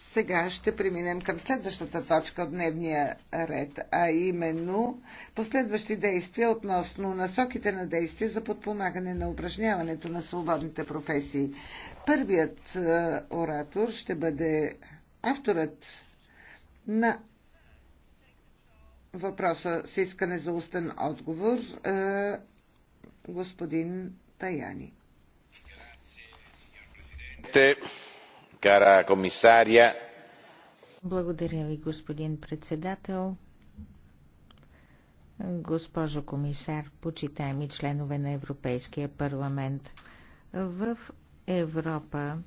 Сега ще преминем към следващата точка от дневния ред, а именно последващи действия относно насоките на действие за подпомагане на упражняването на свободните професии. Първият е, оратор ще бъде авторът на въпроса с искане за устен отговор, е, господин Таяни. Благодаря ви, господин председател. Госпожо комисар, почитаеми членове на Европейския парламент, в Европа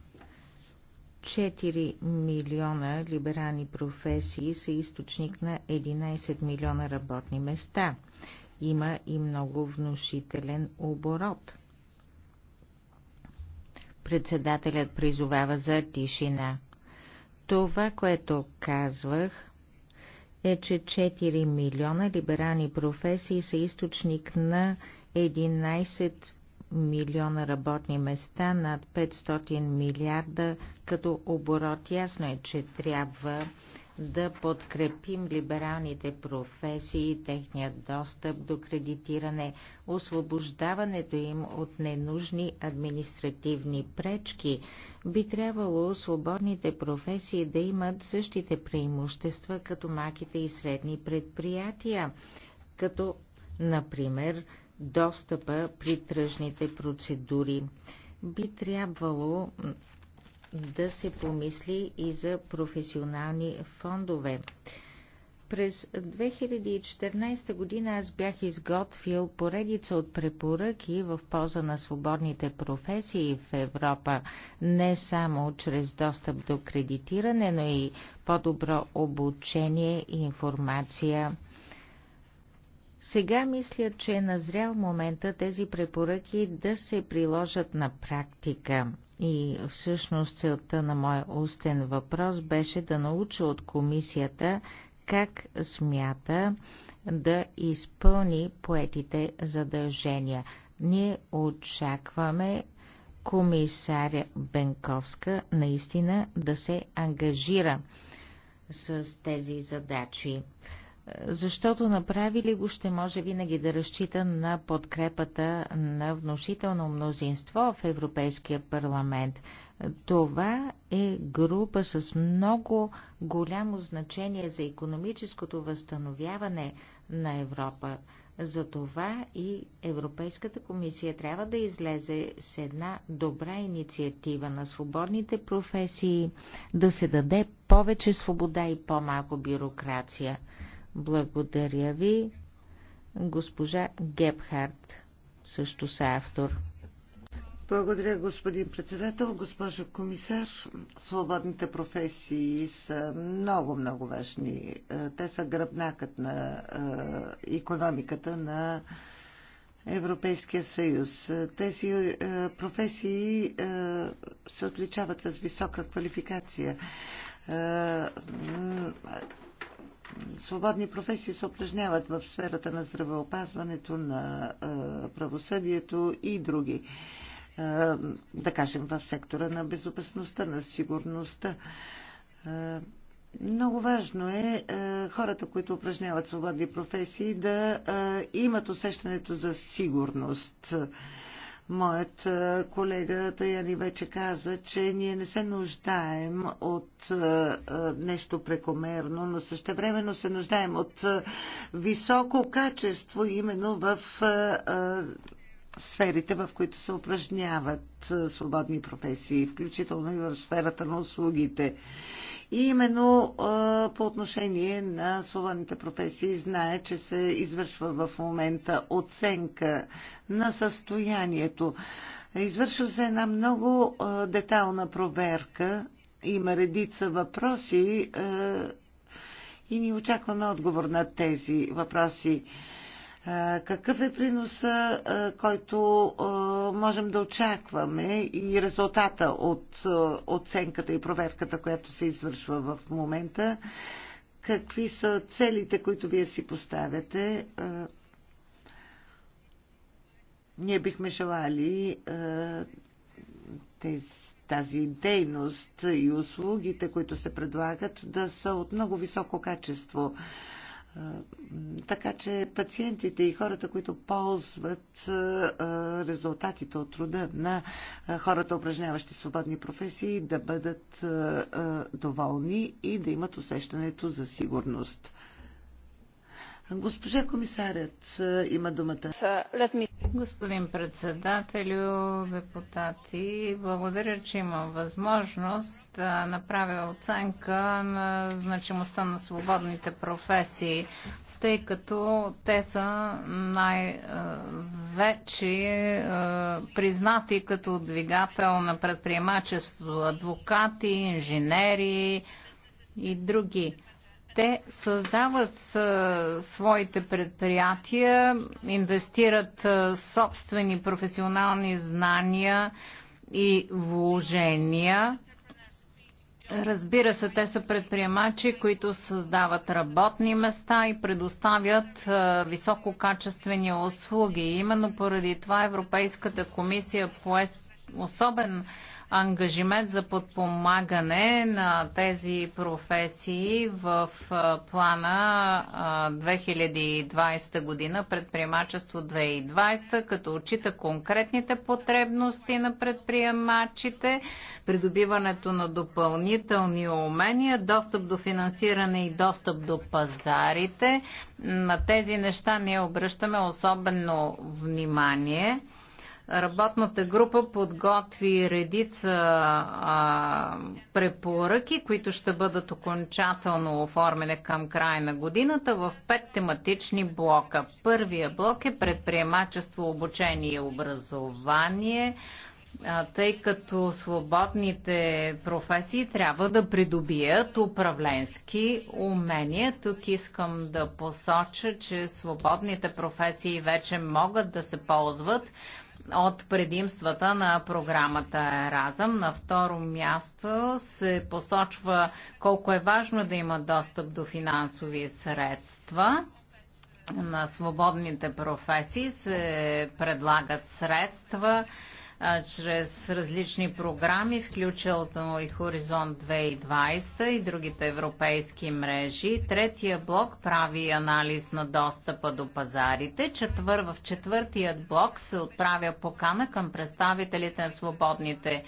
4 милиона либерални професии са източник на 11 милиона работни места. Има и много внушителен оборот – Председателят призовава за тишина. Това, което казвах, е, че 4 милиона либерални професии са източник на 11 милиона работни места, над 500 милиарда като оборот. Ясно е, че трябва да подкрепим либералните професии, техния достъп до кредитиране, освобождаването им от ненужни административни пречки. Би трябвало свободните професии да имат същите преимущества като маките и средни предприятия, като, например, достъпа при тръжните процедури. Би трябвало да се помисли и за професионални фондове. През 2014 година аз бях изготвил поредица от препоръки в полза на свободните професии в Европа, не само чрез достъп до кредитиране, но и по-добро обучение и информация. Сега мисля, че е назрял момента тези препоръки да се приложат на практика. И всъщност целта на моя устен въпрос беше да науча от комисията как смята да изпълни поетите задължения. Ние очакваме комисаря Бенковска наистина да се ангажира с тези задачи защото направили го ще може винаги да разчита на подкрепата на внушително мнозинство в Европейския парламент. Това е група с много голямо значение за економическото възстановяване на Европа. Затова и Европейската комисия трябва да излезе с една добра инициатива на свободните професии, да се даде повече свобода и по-малко бюрокрация. Благодаря ви. Госпожа Гепхард също са автор. Благодаря, господин председател, госпожо комисар. Свободните професии са много, много важни. Е, те са гръбнакът на економиката на Европейския съюз. Тези е, професии е, се отличават с висока квалификация свободни професии се упражняват в сферата на здравеопазването, на правосъдието и други. Да кажем, в сектора на безопасността, на сигурността. Много важно е хората, които упражняват свободни професии, да имат усещането за сигурност. Моят е, колега Таяни вече каза, че ние не се нуждаем от е, е, нещо прекомерно, но същевременно се нуждаем от високо качество именно в сферите, в които се упражняват свободни професии, включително и в сферата на услугите. И именно по отношение на слованите професии знае, че се извършва в момента оценка на състоянието. Извършва се една много детална проверка. Има редица въпроси и ни очакваме отговор на тези въпроси. Какъв е приноса, който можем да очакваме и резултата от оценката и проверката, която се извършва в момента? Какви са целите, които вие си поставяте? Ние бихме желали тази дейност и услугите, които се предлагат, да са от много високо качество. Така че пациентите и хората, които ползват резултатите от труда на хората, упражняващи свободни професии, да бъдат доволни и да имат усещането за сигурност. Госпожа комисарят има думата. Господин председателю, депутати, благодаря, че имам възможност да направя оценка на значимостта на свободните професии, тъй като те са най-вече е, признати като двигател на предприемачество, адвокати, инженери и други те създават своите предприятия, инвестират собствени професионални знания и вложения. Разбира се, те са предприемачи, които създават работни места и предоставят висококачествени услуги. Именно поради това Европейската комисия по особен ангажимент за подпомагане на тези професии в плана 2020 година, предприемачество 2020, като отчита конкретните потребности на предприемачите, придобиването на допълнителни умения, достъп до финансиране и достъп до пазарите. На тези неща ние обръщаме особено внимание Работната група подготви редица а, препоръки, които ще бъдат окончателно оформени към края на годината в пет тематични блока. Първия блок е предприемачество, обучение и образование, а, тъй като свободните професии трябва да придобият управленски умения. Тук искам да посоча, че свободните професии вече могат да се ползват от предимствата на програмата Еразъм. На второ място се посочва колко е важно да има достъп до финансови средства на свободните професии се предлагат средства чрез различни програми, включително и Хоризонт 2020 и другите европейски мрежи. Третия блок прави анализ на достъпа до пазарите. Четвър, в четвъртият блок се отправя покана към представителите на свободните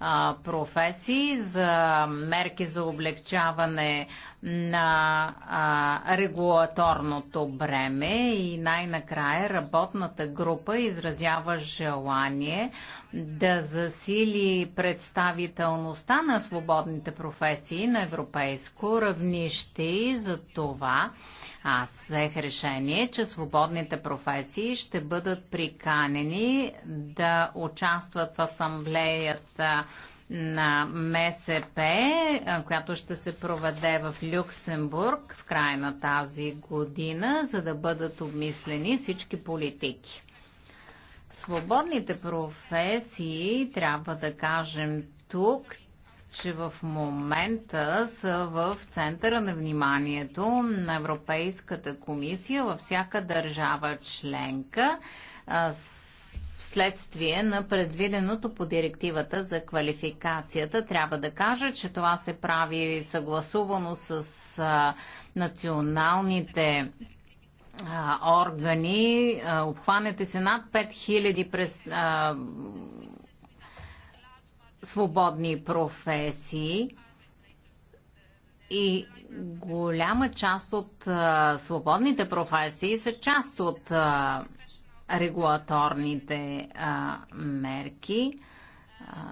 а, професии, за мерки за облегчаване на а, регулаторното бреме и най-накрая работната група изразява желание да засили представителността на свободните професии на европейско равнище и за това аз взех решение, че свободните професии ще бъдат приканени да участват в асамблеята на МСП, която ще се проведе в Люксембург в края на тази година, за да бъдат обмислени всички политики. Свободните професии, трябва да кажем тук, че в момента са в центъра на вниманието на Европейската комисия във всяка държава членка следствие на предвиденото по директивата за квалификацията. Трябва да кажа, че това се прави съгласувано с националните органи. Обхванете се над 5000 през свободни професии и голяма част от а, свободните професии са част от а, регулаторните а, мерки. А,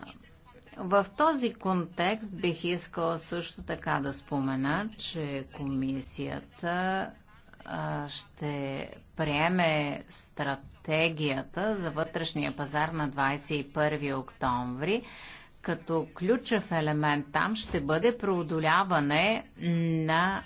в този контекст бих искала също така да спомена, че комисията ще приеме стратегията за вътрешния пазар на 21 октомври като ключов елемент там ще бъде преодоляване на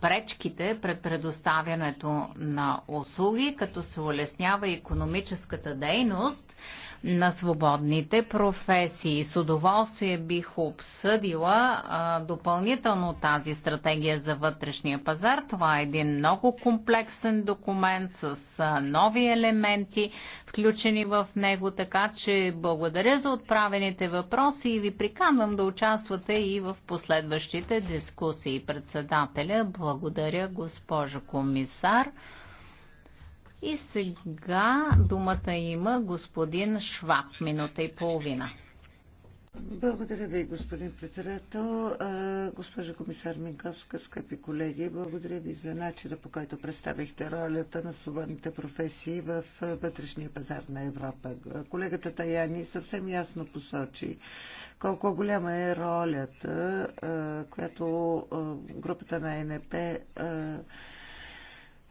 пречките пред предоставянето на услуги, като се улеснява економическата дейност на свободните професии. С удоволствие бих обсъдила а, допълнително тази стратегия за вътрешния пазар. Това е един много комплексен документ с а, нови елементи, включени в него, така че благодаря за отправените въпроси и ви приканвам да участвате и в последващите дискусии. Председателя, благодаря госпожо комисар. И сега думата има господин Шваб, минута и половина. Благодаря ви, господин председател. Госпожа комисар Минковска, скъпи колеги, благодаря ви за начина по който представихте ролята на свободните професии в вътрешния пазар на Европа. Колегата Таяни съвсем ясно посочи колко голяма е ролята, която групата на НП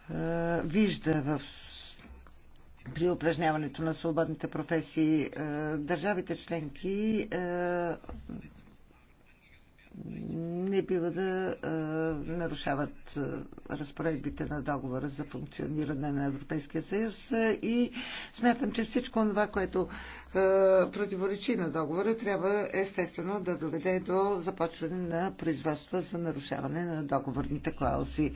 вижда в при упражняването на свободните професии държавите членки не бива да нарушават разпоредбите на договора за функциониране на Европейския съюз и смятам, че всичко това, което противоречи на договора, трябва естествено да доведе до започване на производства за нарушаване на договорните клаузи.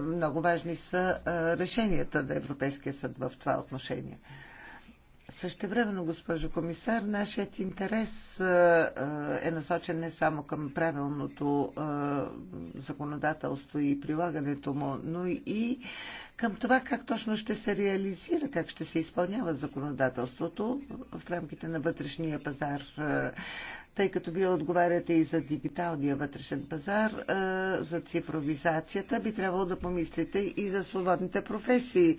Много важни са решенията на Европейския съд в това отношение. времено, госпожо комисар, нашият интерес е насочен не само към правилното законодателство и прилагането му, но и към това как точно ще се реализира, как ще се изпълнява законодателството в рамките на вътрешния пазар тъй като вие отговаряте и за дигиталния вътрешен пазар, за цифровизацията, би трябвало да помислите и за свободните професии.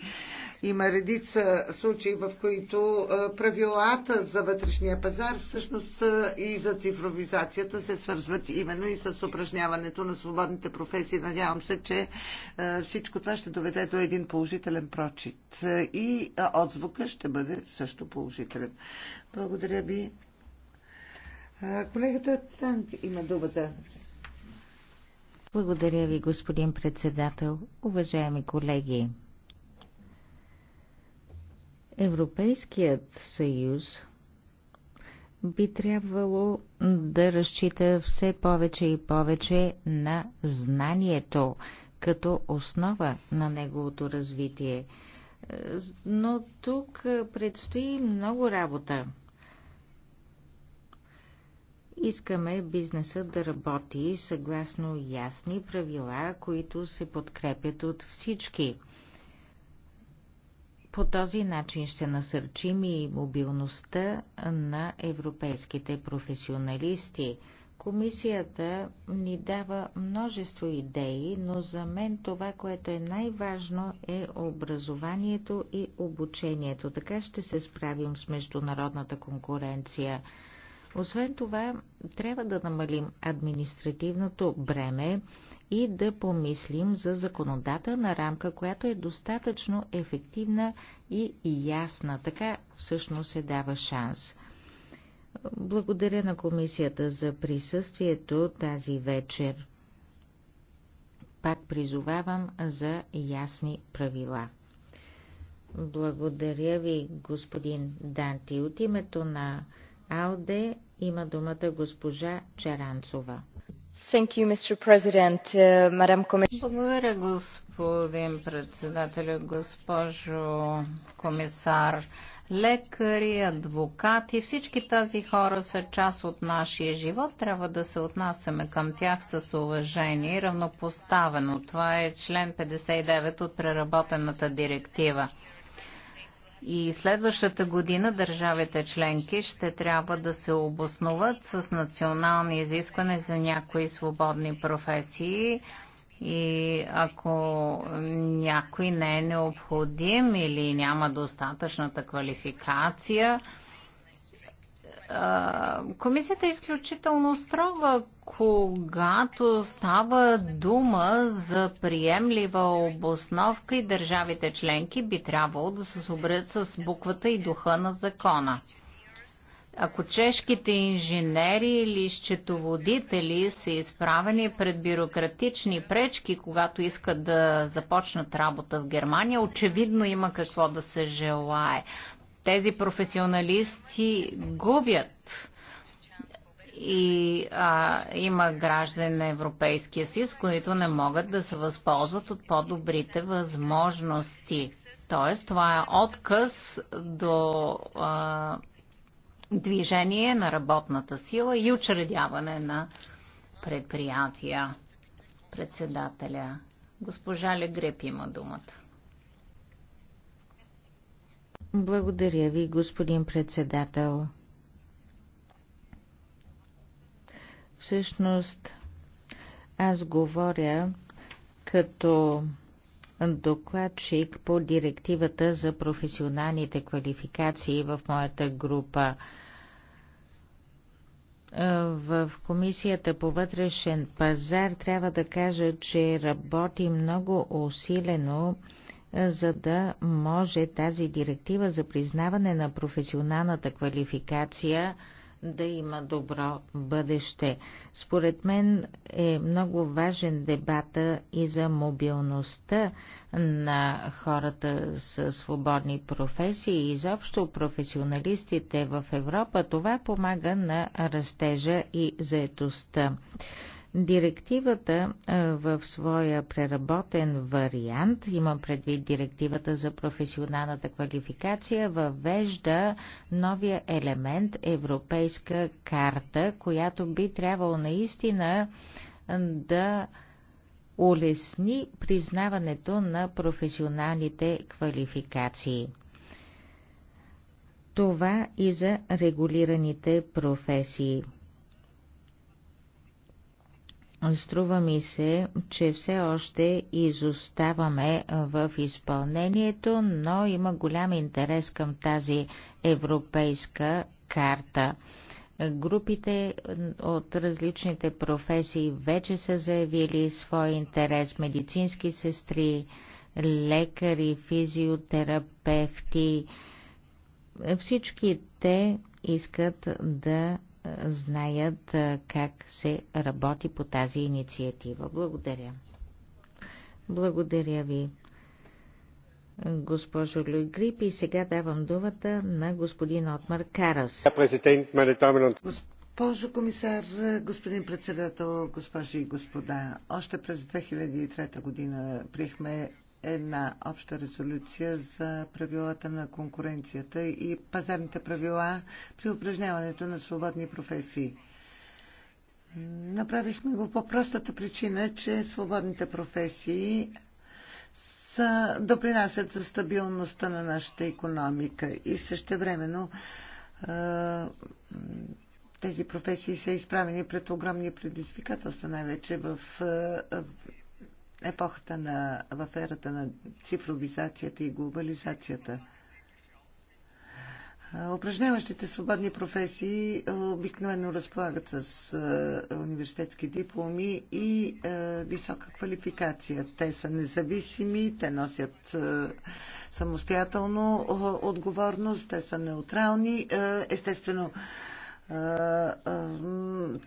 Има редица случаи, в които правилата за вътрешния пазар всъщност и за цифровизацията се свързват именно и с упражняването на свободните професии. Надявам се, че всичко това ще доведе до един положителен прочит и отзвука ще бъде също положителен. Благодаря ви. Колегата Танк има думата. Благодаря ви, господин председател. Уважаеми колеги, Европейският съюз би трябвало да разчита все повече и повече на знанието като основа на неговото развитие. Но тук предстои много работа. Искаме бизнесът да работи съгласно ясни правила, които се подкрепят от всички. По този начин ще насърчим и мобилността на европейските професионалисти. Комисията ни дава множество идеи, но за мен това, което е най-важно е образованието и обучението. Така ще се справим с международната конкуренция. Освен това, трябва да намалим административното бреме и да помислим за законодателна рамка, която е достатъчно ефективна и ясна. Така всъщност се дава шанс. Благодаря на комисията за присъствието тази вечер. Пак призовавам за ясни правила. Благодаря ви, господин Данти. От името на АЛДЕ има думата госпожа Чаранцова. Uh, Благодаря, господин председател, госпожо комисар. Лекари, адвокати, всички тази хора са част от нашия живот. Трябва да се отнасяме към тях с уважение и равнопоставено. Това е член 59 от преработената директива. И следващата година държавите членки ще трябва да се обосноват с национални изисквания за някои свободни професии. И ако някой не е необходим или няма достатъчната квалификация, Комисията е изключително строга, когато става дума за приемлива обосновка и държавите членки би трябвало да се съобразят с буквата и духа на закона. Ако чешките инженери или счетоводители са изправени пред бюрократични пречки, когато искат да започнат работа в Германия, очевидно има какво да се желае тези професионалисти губят и а, има граждани на Европейския съюз, които не могат да се възползват от по-добрите възможности. Тоест, това е отказ до а, движение на работната сила и учредяване на предприятия. Председателя. Госпожа Легреп има думата. Благодаря ви, господин председател. Всъщност, аз говоря като докладчик по директивата за професионалните квалификации в моята група. В Комисията по вътрешен пазар трябва да кажа, че работи много усилено за да може тази директива за признаване на професионалната квалификация да има добро бъдеще. Според мен е много важен дебата и за мобилността на хората с свободни професии и изобщо професионалистите в Европа. Това помага на растежа и заетостта. Директивата в своя преработен вариант, имам предвид директивата за професионалната квалификация, въвежда новия елемент Европейска карта, която би трябвало наистина да улесни признаването на професионалните квалификации. Това и за регулираните професии. Струва ми се, че все още изоставаме в изпълнението, но има голям интерес към тази европейска карта. Групите от различните професии вече са заявили свой интерес. Медицински сестри, лекари, физиотерапевти. Всички те искат да знаят как се работи по тази инициатива. Благодаря. Благодаря ви, госпожо Люйгрип. И сега давам думата на господин Отмар Карас. Госпожо комисар, господин председател, госпожи и господа, още през 2003 година приехме една обща резолюция за правилата на конкуренцията и пазарните правила при упражняването на свободни професии. Направихме го по простата причина, че свободните професии са, допринасят за стабилността на нашата економика и същевременно тези професии са изправени пред огромни предизвикателства, най-вече в епохата на, в ерата на цифровизацията и глобализацията. Упражняващите свободни професии е, обикновено разполагат с е, университетски дипломи и е, висока квалификация. Те са независими, те носят самостоятелно отговорност, те са неутрални. Естествено,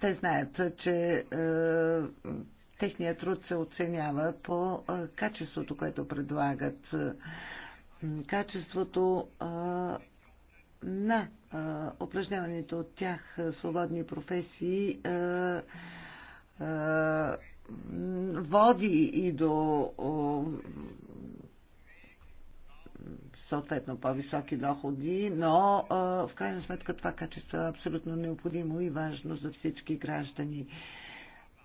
те знаят, че Техният труд се оценява по качеството, което предлагат. Качеството на упражняваните от тях свободни професии води и до съответно по-високи доходи, но в крайна сметка това качество е абсолютно необходимо и важно за всички граждани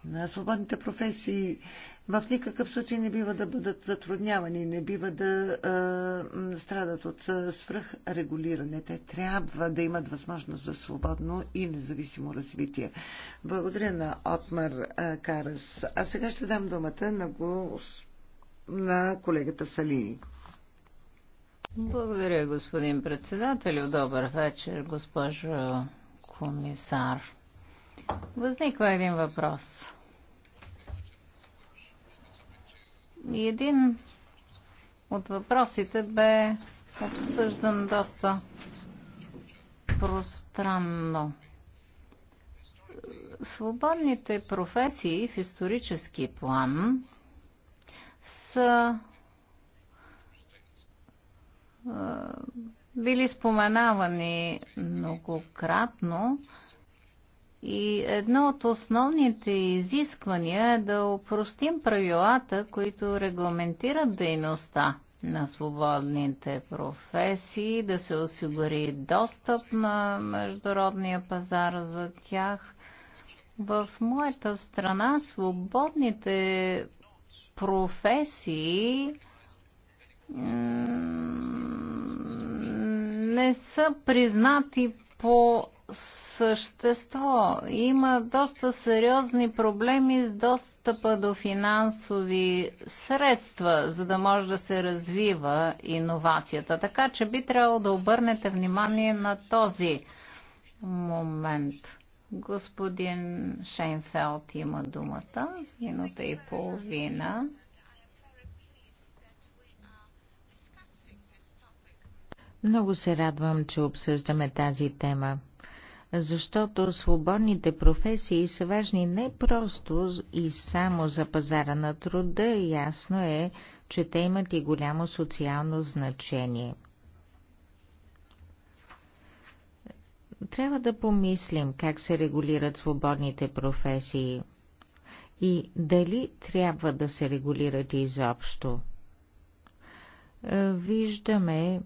на свободните професии в никакъв случай не бива да бъдат затруднявани, не бива да е, страдат от свръхрегулиране. Те трябва да имат възможност за свободно и независимо развитие. Благодаря на Отмар Карас. А сега ще дам думата на, го, на колегата Салини. Благодаря, господин председател. Добър вечер, госпожо комисар. Възниква един въпрос. И един от въпросите бе обсъждан доста пространно. Свободните професии в исторически план са били споменавани многократно, и едно от основните изисквания е да опростим правилата, които регламентират дейността на свободните професии, да се осигури достъп на международния пазар за тях. В моята страна свободните професии не са признати по същество. Има доста сериозни проблеми с достъпа до финансови средства, за да може да се развива иновацията. Така че би трябвало да обърнете внимание на този момент. Господин Шейнфелд има думата с минута и половина. Много се радвам, че обсъждаме тази тема защото свободните професии са важни не просто и само за пазара на труда, ясно е, че те имат и голямо социално значение. Трябва да помислим как се регулират свободните професии и дали трябва да се регулират изобщо. Виждаме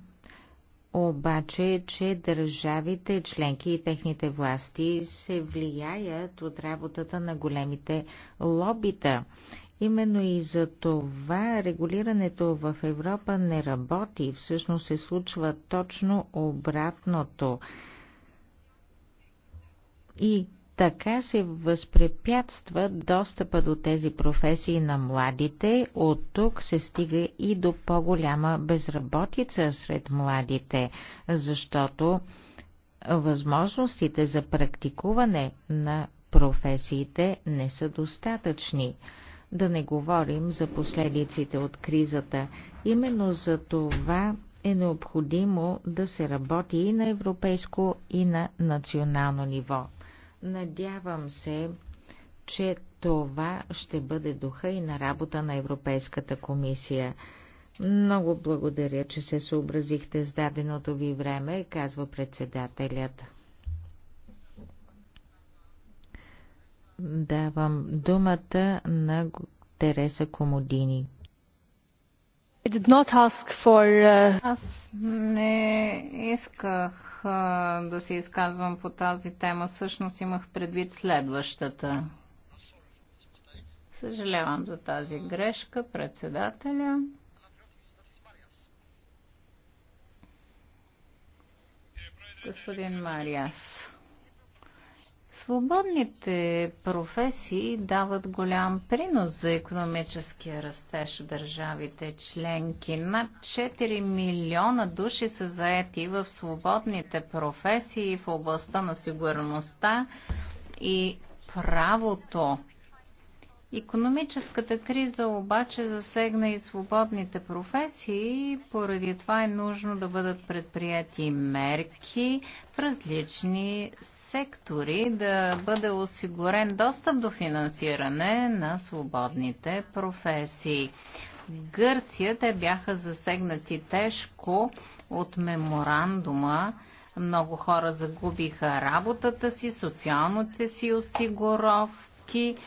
обаче че държавите, членки и техните власти се влияят от работата на големите лобита. Именно и за това регулирането в Европа не работи. Всъщност се случва точно обратното. И така се възпрепятства достъпа до тези професии на младите. От тук се стига и до по-голяма безработица сред младите, защото възможностите за практикуване на професиите не са достатъчни. Да не говорим за последиците от кризата. Именно за това е необходимо да се работи и на европейско, и на национално ниво. Надявам се, че това ще бъде духа и на работа на Европейската комисия. Много благодаря, че се съобразихте с даденото ви време, казва председателят. Давам думата на Тереса Комодини. I did not ask for, uh... Аз не исках uh, да се изказвам по тази тема. Същност имах предвид следващата. Съжалявам за тази грешка, председателя. Господин Мариас. Свободните професии дават голям принос за економическия растеж в държавите членки. Над 4 милиона души са заети в свободните професии в областта на сигурността и правото. Економическата криза обаче засегна и свободните професии и поради това е нужно да бъдат предприяти мерки в различни сектори, да бъде осигурен достъп до финансиране на свободните професии. В Гърция те бяха засегнати тежко от меморандума. Много хора загубиха работата си, социалните си осигуровки,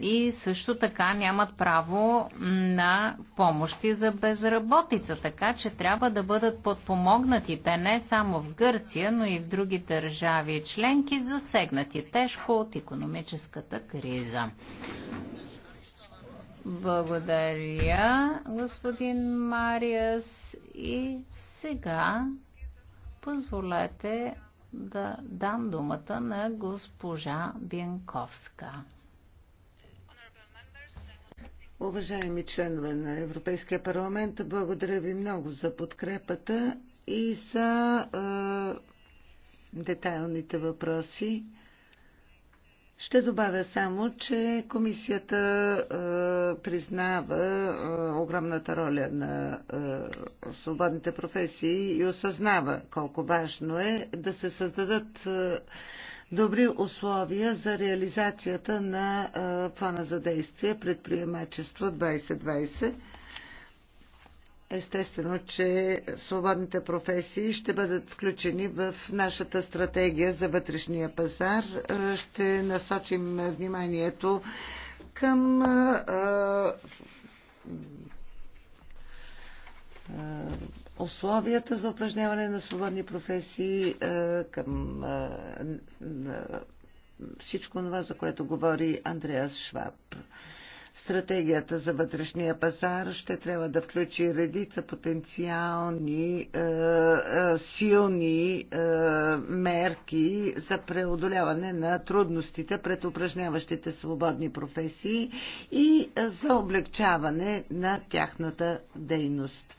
и също така нямат право на помощи за безработица, така че трябва да бъдат подпомогнати те не само в Гърция, но и в други държави и членки, засегнати тежко от економическата криза. Благодаря, господин Мариас. И сега позволете да дам думата на госпожа Бенковска. Уважаеми членове на Европейския парламент, благодаря ви много за подкрепата и за е, детайлните въпроси. Ще добавя само, че комисията е, признава е, огромната роля на е, свободните професии и осъзнава колко важно е да се създадат. Е, добри условия за реализацията на плана за действие предприемачество 2020. Естествено, че свободните професии ще бъдат включени в нашата стратегия за вътрешния пазар. Ще насочим вниманието към условията за упражняване на свободни професии, е, към е, всичко това, за което говори Андреас Шваб. Стратегията за вътрешния пазар ще трябва да включи редица потенциални е, е, силни е, мерки за преодоляване на трудностите пред упражняващите свободни професии и за облегчаване на тяхната дейност.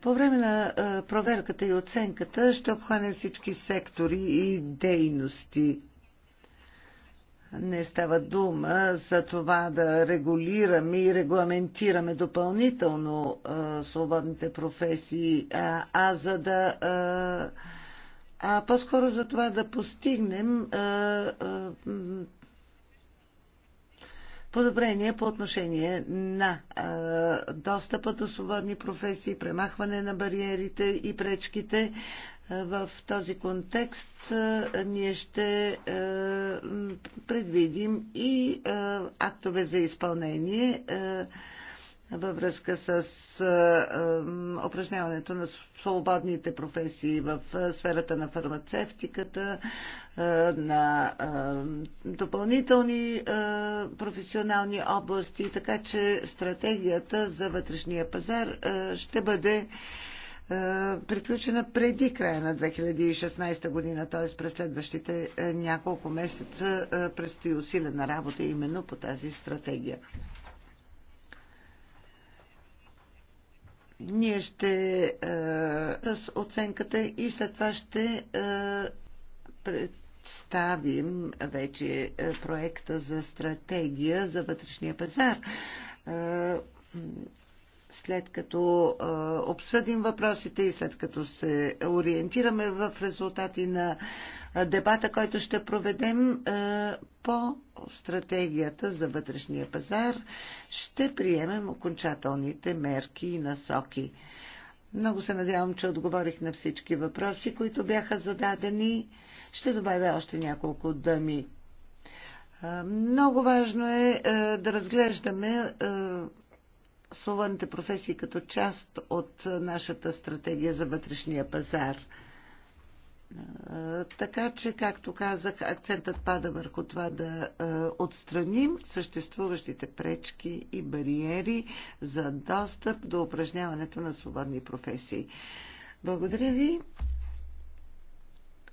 По време на проверката и оценката ще обхванем всички сектори и дейности. Не става дума за това да регулираме и регламентираме допълнително а, свободните професии, а, а за да. А, а по-скоро за това да постигнем а, а, подобрение по отношение на достъпа до свободни професии, премахване на бариерите и пречките. В този контекст ние ще предвидим и актове за изпълнение във връзка с упражняването на свободните професии в сферата на фармацевтиката, на допълнителни професионални области, така че стратегията за вътрешния пазар ще бъде приключена преди края на 2016 година, т.е. през следващите няколко месеца предстои усилена работа именно по тази стратегия. Ние ще е, с оценката и след това ще е, представим вече е, проекта за стратегия за вътрешния пазар е, след като а, обсъдим въпросите и след като се ориентираме в резултати на дебата, който ще проведем а, по стратегията за вътрешния пазар, ще приемем окончателните мерки и насоки. Много се надявам, че отговорих на всички въпроси, които бяха зададени. Ще добавя още няколко дъми. Много важно е да разглеждаме словените професии като част от нашата стратегия за вътрешния пазар. Така че, както казах, акцентът пада върху това да отстраним съществуващите пречки и бариери за достъп до упражняването на свободни професии. Благодаря ви.